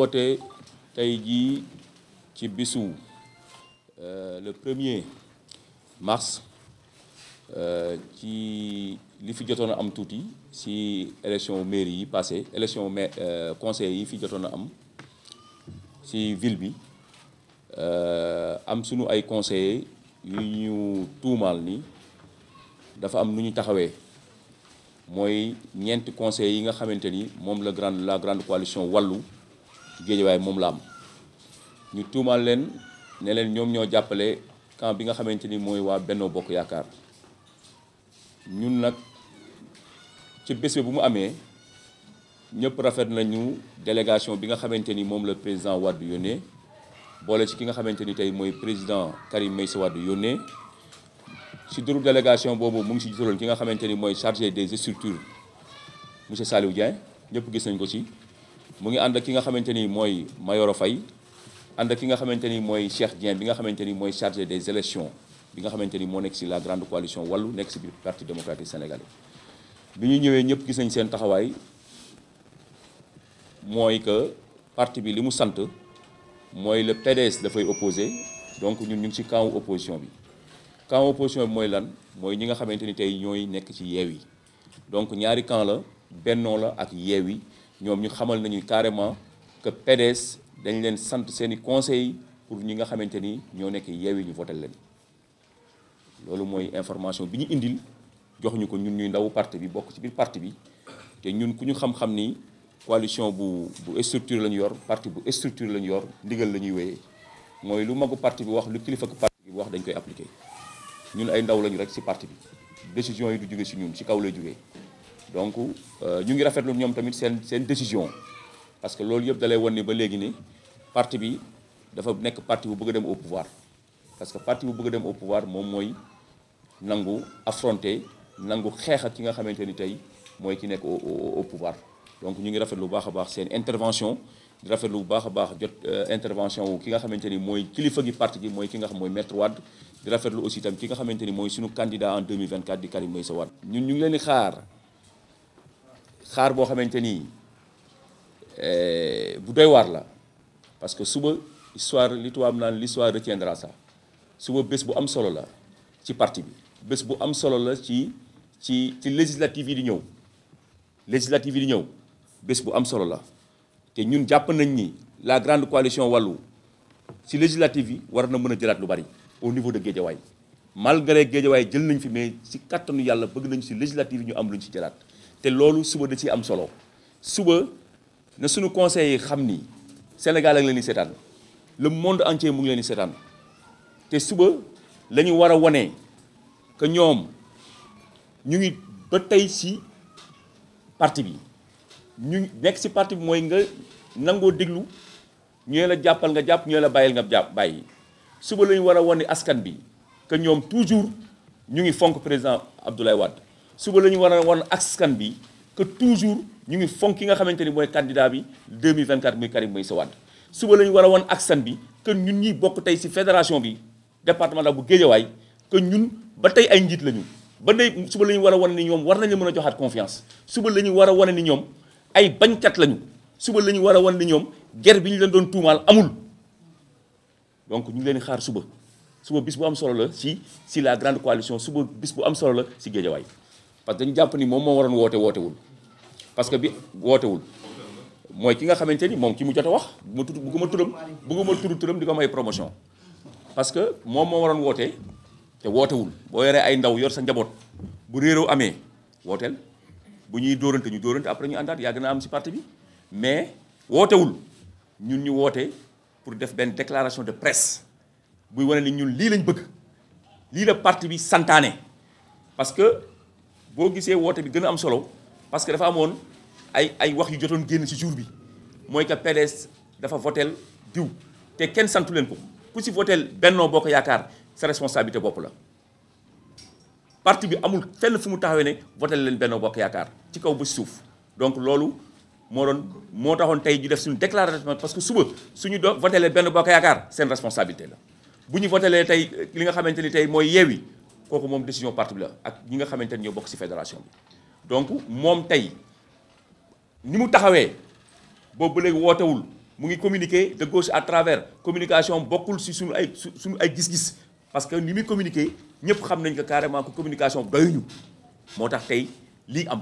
woote tey jii ci bisu euh, le premier mars euh, ci li fi jotoon a am tuuti si élection mairie yi passé élection mai euh, conseil yi fi jotoon a am si ville bi am sunu ay conseillers yu ñu tuumaal ni dafa am nu ñu taxawee mooy ñeenti conseil yi nga xamante ni moom la grande la grande coalition wallu ci waaye moom la am ñu tuumaal leen ne leen ñoom ñoo jàppale camp bi nga xamante ni mooy waa Benno Bokk Yaakaar ñun nag ci bés bu mu amee ñëpp rafet nañu délégation bi nga xamante ni moom la président Wade yónnee boole ci ki nga xamante ni tey mooy président Karim Meïssa Wade yónnee ci duru délégation boobu mu ngi ci jitaloon ki nga xamante ni mooy chargé des structures monsieur Saliou Dieng ñëpp gis nañ ko ci mu ngi ànd ak ki nga xamante ni mooy Mayoro Faye ànd ak ki nga xamante ni mooy Cheikh Dieng bi nga xamante ni mooy chargé des élections bi nga xamante ni moo nekk si la grande coalition wàllu nekk si biir parti démocratique sénégalais bi ñu ñëwee ñëpp gis nañ seen taxawaay mooy que parti bi li mu sant mooy le PDS dafay opposé donc ñun ñu ngi si camp opposition bi camp opposition bi mooy lan mooy ñi nga xamante ni tey ñooy nekk ci yeew yi donc ñaari kan la bennoo la ak yeew yi ñoom ñu xamal nañu carrément que PDS dañ leen sant seeni conseil pour ñi nga xamante ni ñoo nekk yeewi ñu votel leen loolu mooy information bi ñu indil jox ñu ko ñun ñuy ndaw parti bi bokk ci biir parti bi te ñun ku ñu xam-xam ni coalition bu bu structure la ñu yor parti bu structure la ñu yor ndigal la ñuy wéyee mooy lu magu parti bi wax lu kilifa parti bi wax dañ koy appliquer ñun ay ndaw lañu rek ci parti bi décision yi du jóge ci ñun ci kaw lay jógee donc euh, ñu ngi rafetlu ñoom tamit seen seen décision parce que loolu yëpp dalay wan ni ba léegi ni parti bi dafa nekk parti bu bëgg a dem au pouvoir parce que parti bu bëgg a dem au pouvoir moom mooy nangu affronter nangu xeex ak ki nga xamante ni tey mooy ki nekk au pouvoir donc ñu ngi rafetlu bu baax a baax seen intervention di rafetlu bu baax a baax jot euh, intervention wu ki nga xamante ni mooy kilifa gi parti gi mooy ki nga xam mooy maître Wade di rafetlu xamante ni mooy suñu candidat en 2024 di Karim Meïssa Wade ñu ngi leen di xaar xaar boo xamante ni eh, bu doy waar la parce que suba histoire li tubaab naan l'histoire retiendra ça suba bés bu am solo la ci parti bi bés bu am solo la ci ci ci législative yi di ñëw législative yi di ñëw bés bu am solo la te ñun jàpp nañ ni la grande coalition wàllu ci législative yi war na mën a jëlaat lu bari au niveau de Guédiawaye malgré Guédiawaye jël nañ fi mais ci kattanu yàlla bëgg nañ si législative yi ñu am lu ñu ci jëlaat te loolu suba da ciy am solo suba na suñu conseil yi xam ni Sénégal ak leen di seetaan le monde entier mu ngi leen di seetaan te suba lañu war a wane que ñoom ñu ngi ba tey ci parti bi ñu nekk ci parti bi mooy nga nangoo déglu ñooy la jàppal nga jàpp ñooy la bàyyil nga jàpp bàyyi suba la ñu war a wane askan bi que ñoom toujours ñu ngi fonk président Abdoulaye Wade suba la ñu war a wan askan bi que toujours ñu ngi fonk yi nga xamante ni mooy candidat bi 2024 muy Karim Meïssa Wade suba la ñu war a wan askan bi que ñun ñuy bokk tey si fédération bi départemental bu Guédiawaye que ñun ba tey ay njiit lañu ñu ba tey suba la ñu war a wan ni ñoom war nañu mën a joxaat confiance suba la ñu war a wan ni ñoom ay bañkat lañu suba la ñu war a wan ni ñoom guerre bi ñu leen doon tuumaal amul donc ñu ngi leen xaar suba suba bis bu am solo la si si la grande coalition suba bis bu am solo la ci Guédiawaye parce que dañu jàpp ni moom moo waroon woote wootewul parce que bi wootewul mooy ki nga xamante ni moom ki mu jot a wax ma tudd bëgguma turam bëgguma tudd turam di ko may promotion parce que moom moo waroon woote te wootewul boo yoree ay ndaw yor sa njaboot bu réeroo amee wooteel bu ñuy dóorante ñu dóorante après ñu àndaat yàgg na am si parti bi mais wootewul ñun ñu woote pour def benn déclaration de presse buy wane ni ñun lii lañ bëgg lii la parti bi sant parce que boo gisee woote bi gën a am solo parce que dafa amoon ay wax yu jotoon génn ci jour bi mooy que PDS dafa votel diw te kenn santu leen ko ku ci votel Benno Bokk Yaakaar sa responsabilité bopp la parti bi amul fenn fu mu taxawee ne votel leen Benno Bokk Yaakaar ci kaw ba suuf donc loolu moo doon moo taxoon tey ñu def suñu déclaration parce que suba suñu do votelee Benno Bokk Yaakaar seen responsabilité la bu ñu votelee tey li nga xamante ni tey mooy Yewwi kooku moom décision parti la ak ñi nga xamante ne ñoo bokk ci fédération bi donc moom tey ni mu taxawee boobu ba léegi wootewul mu ngi communiquer de gauche à travers communication bokkul si suñu ay suñu ay gis-gis parce que ni muy communiquer ñëpp xam nañ ko carrément que communication doyuñu moo tax tey lii am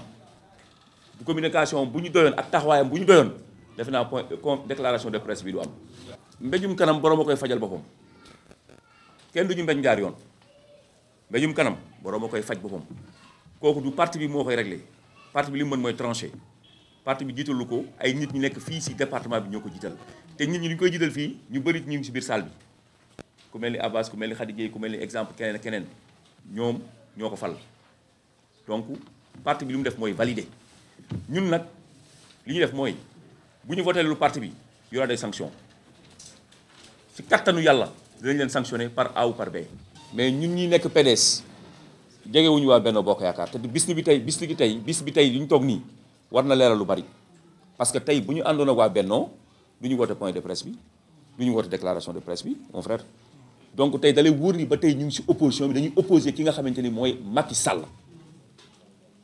bu communication bu ñu doyoon ak taxawaayam bu ñu doyoon defe naa point déclaration de presse bi du am. mbéjum kanam borom a koy fajal boppam kenn du ñu mbéj ñaar yoon. mbéyum kanam borom a koy faj boppam kooku du parti bi moo koy réglé parti bi li mu mën mooy tranché parti bi jiitalu ko ay nit ñu nekk fii si département bi ñoo ko jiital te nit ñi ñu koy jiital fii ñu bëri ñu ngi si biir salle bi ku mel ni Abbas ku mel ni Khady Dieye ku mel ni exemple keneen ak keneen ñoom ñoo ko fal donc parti bi li mu def mooy validé ñun nag li ñu def mooy bu ñu voté lu parti bi y aura des sanctions si kattanu yàlla dinañ leen sanctionné par A par mais ñun ñi nekk PDS jegewuñu waa Benno Bokk Yaakaar te bis ni bi tey bis ni bi tey bis bi tey li ñu toog nii war na leeral lu bari parce que tey bu ñu àndoon waa Benno du ñu woote point de presse bi du ñu woote déclaration de presse bi mon frère donc tey dalay wóor ni ba tey ñu ngi ci opposition dañuy opposé ki nga xamante ni mooy Macky Sall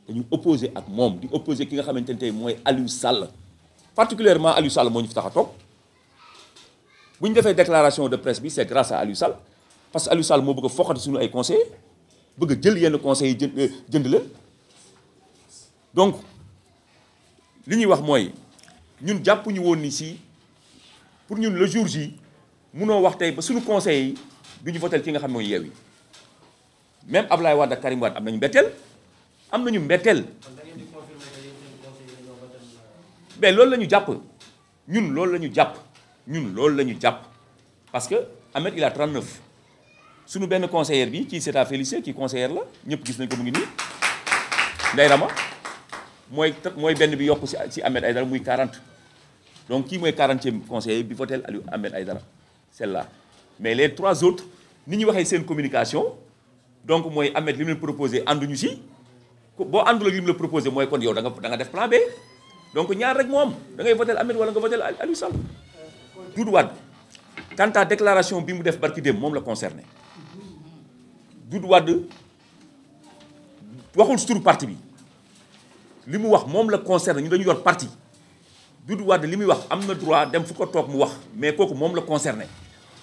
dañu opposé ak moom di opposé ki nga xamante ni tey mooy Aliou Sall particulièrement Aliou Sall moo ñu fi tax a toog bu ñu defee déclaration de presse bi c'est grâce à Aliou Sall parce que Aliou Sall moo bëgg a foqati suñu ay conseillers bëgg jël yenn conseillers jë jënd euh, leen donc li ñuy wax mooy ñun jàpp ñu woon ni si pour ñun le jour J munoo wax tey ba suñu conseil yi du ñu votel ki nga xam mooy yeew yi même Ablaye Wade ak Karim Wade am nañu mbetteel am na mbetteel. mais loolu la ñu jàpp ñun loolu lañu jàpp ñun loolu la jàpp parce que Ahmed il a 39. suñu benn conseillère bi kii c'est à féliciter kii conseillère la ñëpp gis nañ ko mu ngi nii Ndeye Rama mooy mooy benn bi yokk si si Ahmed Aïdara muy quarante donc kii mooy 40e conseiller bi votel Aliou Ahmed Aïdara celle-là mais les trois autres ni ñu waxee seen communication donc mooy Ahmed li mu la proposé ànduñu si boo àndul ak li mu la proposé mooy kon yow da nga da nga def plan B donc ñaar rek moo am da ngay votel Ahmed wala nga votel Aliou Sall Doudou Wade quant à déclaration bi mu def barki démb moom la concerné Doudou wàdd waxul si turu parti bi li mu wax moom la concerne ñu dañu yor parti Doudou wàdd li muy wax am na droit dem fu ko toog mu wax mais kooku moom la concerné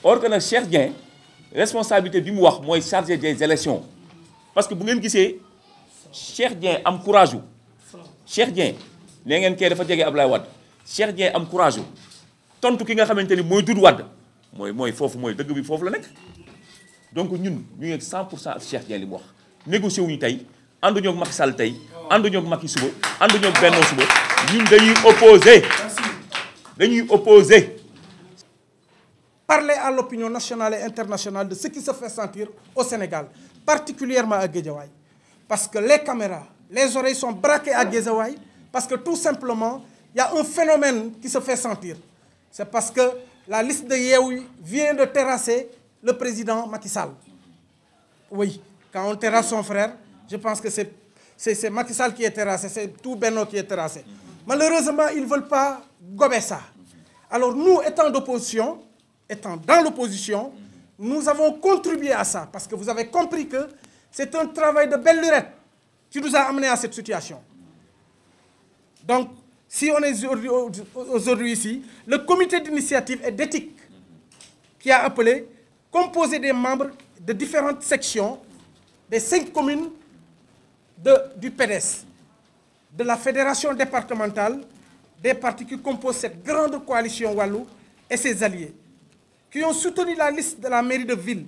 or que nag Cheikh Dieng responsabilité bi mu wax mooy chargé des élections parce que bu ngeen gisee Cheikh Dieng am courage wu Cheikh Dieng nee ngeen kay dafa jege Ablaye Wade Cheikh Dieng am courage wu tontu ki nga xamante ni mooy Doudou Wade mooy mooy foofu mooy dëgg bi foofu la nekk donc ñun ñu ngi 100 pour cent ak Cheikh Dieng li mu wuñu tey ànduñoo ak Macky Sall tey ànduñoo ak Macky suba ànduñoo ak Benno suba ñun dañuy opposé dañuy opposé parler à l'opinion nationale et internationale de ce qui se fait sentir au Sénégal particulièrement à Guédiawaye parce que les caméras les oreilles sont braquées à Guédiawaye parce que tout simplement il y a un phénomène qui se fait sentir c'est parce que la liste de Yewwi vient de terrasser le président Macky Sall. Oui, quand on terrasse son frère, je pense que c'est c'est Macky Sall qui est terrassé, c'est tout Benno qui est terrassé. Malheureusement, ils ne veulent pas gober ça. Alors nous, étant d'opposition, étant dans l'opposition, nous avons contribué à ça parce que vous avez compris que c'est un travail de belle lurette qui nous a amené à cette situation. Donc, si on est aujourd'hui ici, le comité d'initiative et d'éthique qui a appelé composé des membres de différentes sections des cinq communes de, du PDS, de la fédération départementale, des partis qui composent cette grande coalition Wallou et ses alliés, qui ont soutenu la liste de la mairie de ville,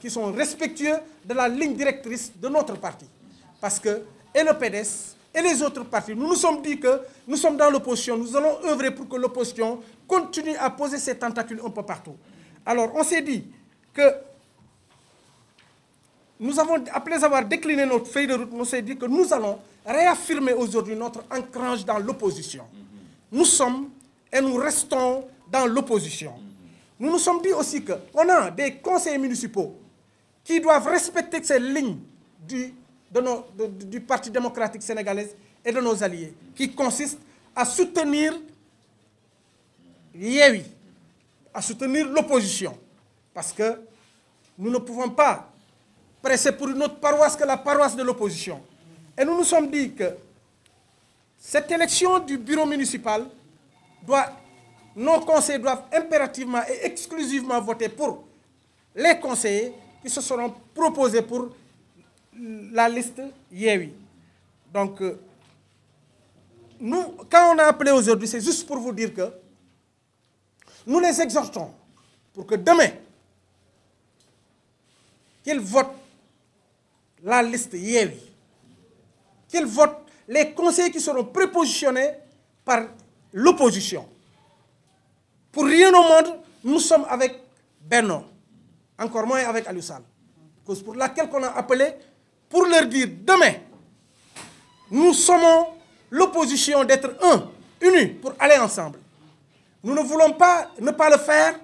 qui sont respectueux de la ligne directrice de notre parti. Parce que, et le PDS, et les autres partis, nous nous sommes dit que nous sommes dans l'opposition, nous allons œuvrer pour que l'opposition continue à poser ses tentacules Alors, on s'est dit que nous avons, après avoir décliné notre feuille de route, on s'est dit que nous allons réaffirmer aujourd'hui notre ancrage dans l'opposition. Mm-hmm. Nous sommes et nous restons dans l'opposition. Mm-hmm. Nous nous sommes dit aussi qu'on a des conseillers municipaux qui doivent respecter ces lignes du, de de, du Parti démocratique sénégalais et de nos alliés, qui consistent à soutenir Yewi. à soutenir l'opposition. Parce que nous ne pouvons pas presser pour une autre paroisse que la paroisse de l'opposition. Et nous nous sommes dit que cette élection du bureau municipal doit, nos conseils doivent impérativement et exclusivement voter pour les conseillers qui se seront proposés pour la liste Yewi. Donc, euh, nous, quand on a appelé aujourd'hui, c'est juste pour vous dire Nous les exhortons pour que demain, qu'ils votent la liste Yévi, qu'ils votent les conseils qui seront prépositionnés par l'opposition. Pour rien au monde, nous sommes avec Bernard, encore moins avec Alussal. Cause pour laquelle qu'on a appelé pour leur dire demain, nous sommes l'opposition d'être un, unis pour aller ensemble. Nous ne voulons pas ne pas le faire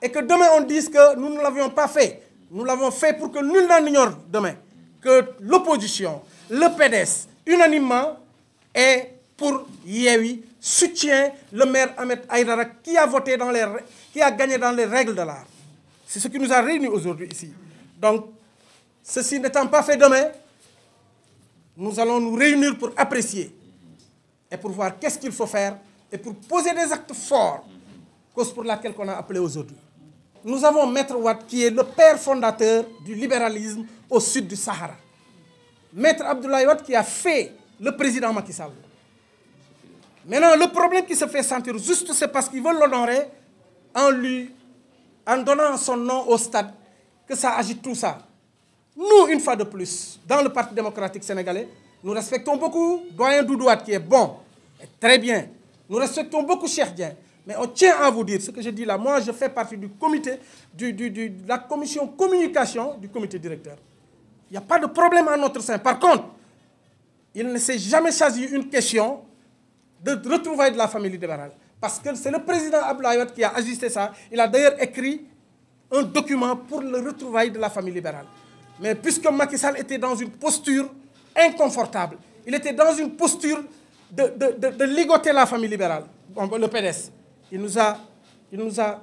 et que demain on dise que nous ne l'avions pas fait. Nous l'avons fait pour que nul n'en ignore demain que l'opposition, le PDS, unanimement, est pour Yéwi, soutient le maire Ahmed Aïdara qui a voté dans les, qui a gagné dans les règles de l'art. C'est ce qui nous a réunis aujourd'hui ici. Donc, ceci n'étant pas fait demain, nous allons nous réunir pour apprécier et pour voir qu'est-ce qu'il faut faire et pour poser des actes forts, cause pour laquelle on a appelé aujourd'hui. Nous avons Maître Watt qui est le père fondateur du libéralisme au sud du Sahara. Maître Abdoulaye Watt qui a fait le président Macky Sall. Maintenant, le problème qui se fait sentir juste, c'est parce qu'ils veulent l'honorer en lui, en donnant son nom au stade, que ça agite tout ça. Nous, une fois de plus, dans le Parti démocratique sénégalais, nous respectons beaucoup Doyen Doudouat qui est bon, Nous respectons beaucoup Cheikh Dieng, mais on tient à vous dire ce que je dis là. Moi, je fais partie du comité, de la commission communication du comité directeur. Il n'y a pas de problème à notre sein. Par contre, il ne s'est jamais choisi une question de retrouvailles de la famille libérale. Parce que c'est le président Ablayot qui a ajusté ça. Il a d'ailleurs écrit un document pour le retrouvaille de la famille libérale. Mais puisque Macky Sall était dans une posture inconfortable, il était dans une posture de, de, de, de ligoter la famille libérale, le PDS. Il nous a, il nous a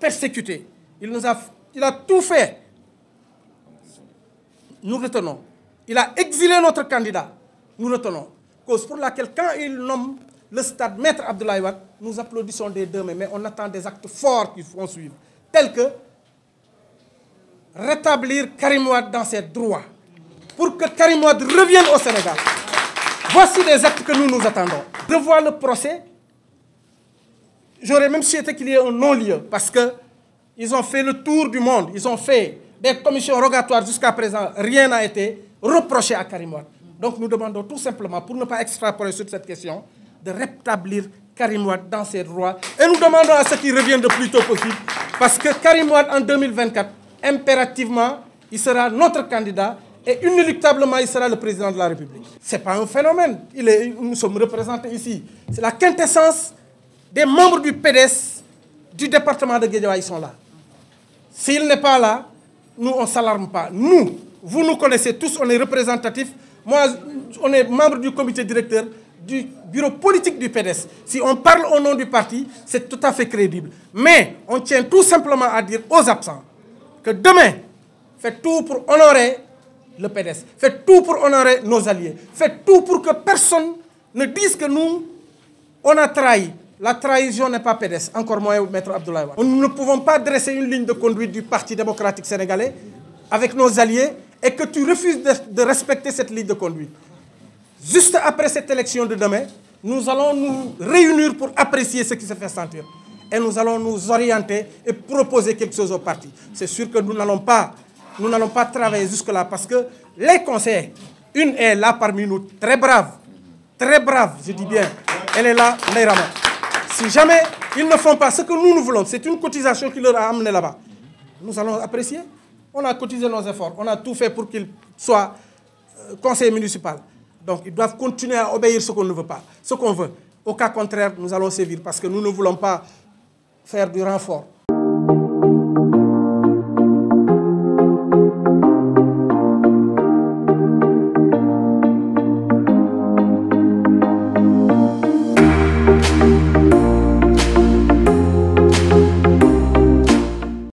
persécutés. Il, nous a, il a tout fait. Nous retenons. Il a exilé notre candidat. Nous retenons. Cause pour laquelle, quand il nomme le stade Maître Abdoulaye Wade, nous applaudissons des deux mains, mais on attend des actes forts qui vont suivre, tels que rétablir Karim Wade dans ses droits, pour que Karim Wade revienne au Sénégal. Voici les actes que nous nous attendons. Revoir le procès, j'aurais même souhaité qu'il y ait parce que ils ont le tour du monde, ils ont des commissions rogatoires jusqu'à présent, rien n'a été reproché à Karim tout simplement, pour ne pas extrapoler sur cette question, de rétablir parce que Karim Wade en 2024, impérativement, il sera notre candidat et inéluctablement sera le président de la République. C'est pas un phénomène il est nous sommes représentés ici c'est la quintessence des membres du PDS du département de Guédiawaye ils sont là s'il n'est pas là nous on s'alarme pas nous vous nous connaissez tous on est représentatifs on est membre du comité directeur du bureau politique du PDS si on parle au nom du parti c'est tout à fait crédible mais on tient tout simplement à dire aux absents que pour le PDS. Faites tout pour honorer nos alliés. Faites tout pour que personne ne dise que nous, on a trahi. La trahison n'est pas PDS, encore moins Maître Abdoulaye Wade. Nous ne pouvons pas dresser une ligne de conduite du Parti démocratique sénégalais avec nos alliés et que tu refuses de, respecter cette ligne de conduite. Juste après cette élection de demain, nous allons nous réunir pour apprécier ce qui se fait sentir. Et nous allons nous orienter et proposer quelque chose parti. C'est sûr que nous n'allons pas nous n'allons pas travailler jusque-là parce que les conseillers, une est là parmi nous, très brave, très brave, je dis bien, elle est là, Nairama. Si jamais ils ne font pas ce que nous, nous voulons, c'est une cotisation qui leur a amené là-bas, nous allons apprécier. On a cotisé nos efforts, on a tout fait pour qu'ils soient euh, conseillers municipaux. Donc ils doivent continuer à obéir ce qu'on ne veut pas, Au cas contraire, nous allons sévir parce que nous ne voulons pas faire du renfort.